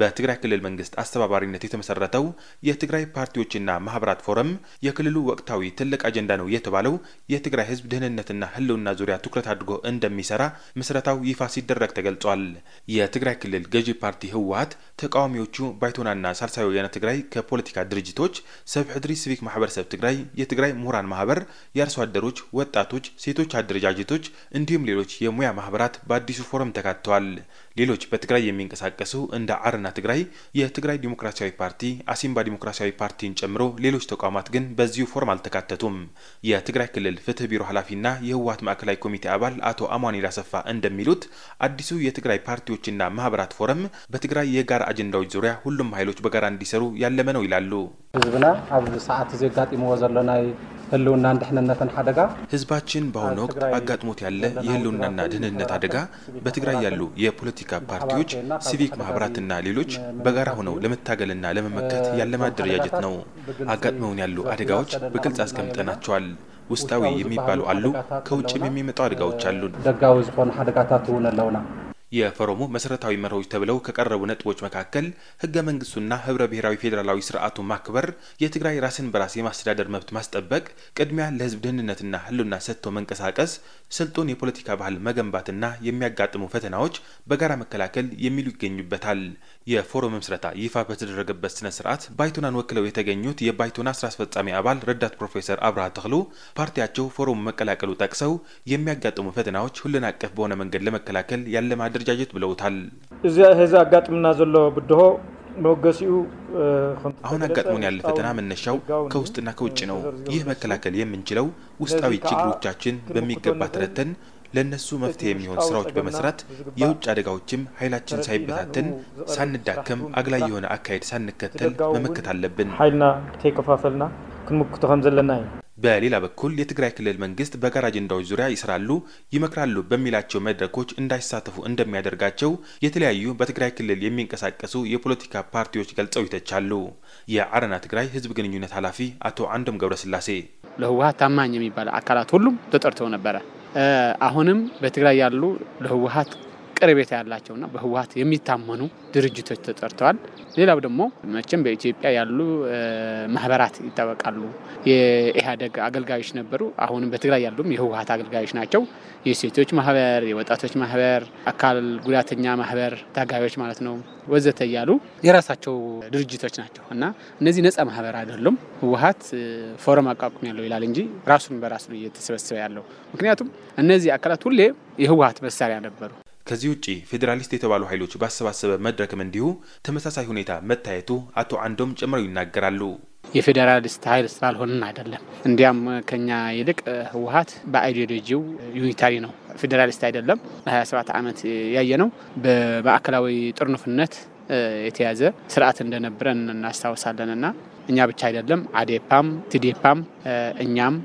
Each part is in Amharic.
በትግራይ ክልል መንግስት አስተባባሪነት የተመሰረተው የትግራይ ፓርቲዎችና ማህበራት ፎረም የክልሉ ወቅታዊ ትልቅ አጀንዳ ነው የተባለው የትግራይ ህዝብ ደህንነትና ህልውና ዙሪያ ትኩረት አድርጎ እንደሚሰራ ምስረታው ይፋ ሲደረግ ተገልጿል። የትግራይ ክልል ገዢ ፓርቲ ህወሀት ተቃዋሚዎቹ ባይቶናና ሳልሳይ ወያነ ትግራይ ከፖለቲካ ድርጅቶች፣ ሰብሒ ሲቪክ ማህበረሰብ ትግራይ፣ የትግራይ ምሁራን ማህበር፣ የአርሶ አደሮች፣ ወጣቶች፣ ሴቶች አደረጃጀቶች እንዲሁም ሌሎች የሙያ ማህበራት በአዲሱ ፎረም ተካተዋል። ሌሎች በትግራይ የሚንቀሳቀሱ እንደ አር አፋርና ትግራይ የትግራይ ዲሞክራሲያዊ ፓርቲ አሲምባ ዲሞክራሲያዊ ፓርቲን ጨምሮ ሌሎች ተቋማት ግን በዚሁ ፎርም አልተካተቱም። የትግራይ ክልል ፍትህ ቢሮ ኃላፊና የህወሀት ማዕከላዊ ኮሚቴ አባል አቶ አማኑኤል አሰፋ እንደሚሉት አዲሱ የትግራይ ፓርቲዎችና ማህበራት ፎረም በትግራይ የጋራ አጀንዳዎች ዙሪያ ሁሉም ኃይሎች በጋራ እንዲሰሩ ያለመ ነው ይላሉ። ህዝብና ኣብ ሰዓት እዚ አጋጢምዎ ዘሎ ናይ ህልውና ደህንነትን አደጋ ህዝባችን በአሁኑ ወቅት አጋጥሞት ያለ የህልውናና ድህንነት አደጋ በትግራይ ያሉ የፖለቲካ ፓርቲዎች፣ ሲቪክ ማህበራትና ሌሎች በጋራ ሆነው ለመታገልና ለመመከት ያለ አደረጃጀት ነው። አጋጥመውን ያሉ አደጋዎች በግልጽ አስቀምጠናቸዋል። ውስጣዊ የሚባሉ አሉ፣ ከውጭም የሚመጡ አደጋዎች አሉን። ደጋዊ ዝኾኑ ሓደጋታት እውን ኣለውና የፎረሙ መሰረታዊ መርሆች ተብለው ከቀረቡ ነጥቦች መካከል ህገ መንግስቱና ህብረ ብሔራዊ ፌዴራላዊ ስርዓቱ ማክበር፣ የትግራይ ራስን በራስ የማስተዳደር መብት ማስጠበቅ፣ ቅድሚያ ለህዝብ ደህንነትና ህልውና ሰጥቶ መንቀሳቀስ፣ ስልጡን የፖለቲካ ባህል መገንባትና የሚያጋጥሙ ፈተናዎች በጋራ መከላከል የሚሉ ይገኙበታል። የፎረም ምስረታ ይፋ በተደረገበት ስነ ስርዓት ባይቶናን ወክለው የተገኙት የባይቶና ስራ አስፈጻሚ አባል ረዳት ፕሮፌሰር አብርሃ ተክሉ ፓርቲያቸው ፎረሙ መቀላቀሉ ጠቅሰው የሚያጋጥሙ ፈተናዎች ሁሉን አቀፍ በሆነ መንገድ ለመከላከል ያለ አደረጃጀት ብለውታል። እዚ ህዚ አጋጥምና ዘሎ ብድሆ አሁን አጋጥሞን ያለ ፈተና መነሻው ከውስጥና ከውጭ ነው። ይህ መከላከል የምንችለው ውስጣዊ ችግሮቻችን በሚገባ ተረተን ለእነሱ መፍትሄ የሚሆን ስራዎች በመስራት የውጭ አደጋዎችም ኃይላችን ሳይበታተን ሳንዳከም አግላይ የሆነ አካሄድ ሳንከተል መመከት አለብን። ኃይልና ተከፋፈልና ክንምክቶ ከም ዘለና እዩ በሌላ በኩል የትግራይ ክልል መንግስት በጋራ አጀንዳዎች ዙሪያ ይስራሉ፣ ይመክራሉ በሚላቸው መድረኮች እንዳይሳተፉ እንደሚያደርጋቸው የተለያዩ በትግራይ ክልል የሚንቀሳቀሱ የፖለቲካ ፓርቲዎች ገልጸው ይተቻሉ። የአረና ትግራይ ህዝብ ግንኙነት ኃላፊ አቶ አንዶም ገብረስላሴ ለህወሀት ታማኝ የሚባል አካላት ሁሉም ተጠርተው ነበረ። አሁንም በትግራይ ያሉ ለህወሀት ቀረቤታ ያላቸውና በህወሀት የሚታመኑ ድርጅቶች ተጠርተዋል። ሌላው ደግሞ መቼም በኢትዮጵያ ያሉ ማህበራት ይጠበቃሉ። የኢህአዴግ አገልጋዮች ነበሩ። አሁንም በትግራይ ያሉም የህወሀት አገልጋዮች ናቸው። የሴቶች ማህበር፣ የወጣቶች ማህበር፣ አካል ጉዳተኛ ማህበር ታጋዮች ማለት ነው ወዘተ እያሉ የራሳቸው ድርጅቶች ናቸው እና እነዚህ ነጻ ማህበር አይደሉም። ህወሀት ፎረም አቋቁም ያለው ይላል እንጂ ራሱን በራሱ እየተሰበሰበ ያለው ምክንያቱም እነዚህ አካላት ሁሌ የህወሀት መሳሪያ ነበሩ። ከዚህ ውጪ ፌዴራሊስት የተባሉ ኃይሎች ባሰባሰበ መድረክም እንዲሁ ተመሳሳይ ሁኔታ መታየቱ አቶ አንዶም ጨምረው ይናገራሉ። የፌዴራሊስት ኃይል ስላልሆንን አይደለም። እንዲያም ከኛ ይልቅ ህወሀት በአይዲዮሎጂው ዩኒታሪ ነው፣ ፌዴራሊስት አይደለም። ለ27 ዓመት ያየ ነው በማዕከላዊ ጥርንፍነት የተያዘ ስርዓት እንደነበረን እናስታውሳለን። እና እኛ ብቻ አይደለም አዴፓም፣ ትዴፓም እኛም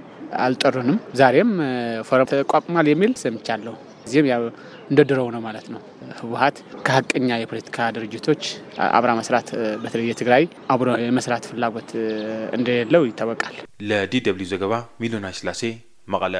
አልጠሩንም። ዛሬም ፎረም ተቋቁሟል የሚል ሰምቻለሁ። እዚህም ያው እንደ ድሮው ነው ማለት ነው። ህወሀት ከሀቀኛ የፖለቲካ ድርጅቶች አብራ መስራት በተለይ የትግራይ አብሮ የመስራት ፍላጎት እንደሌለው ይታወቃል። ለዲ ደብልዩ ዘገባ ሚሊዮን ስላሴ መቀለ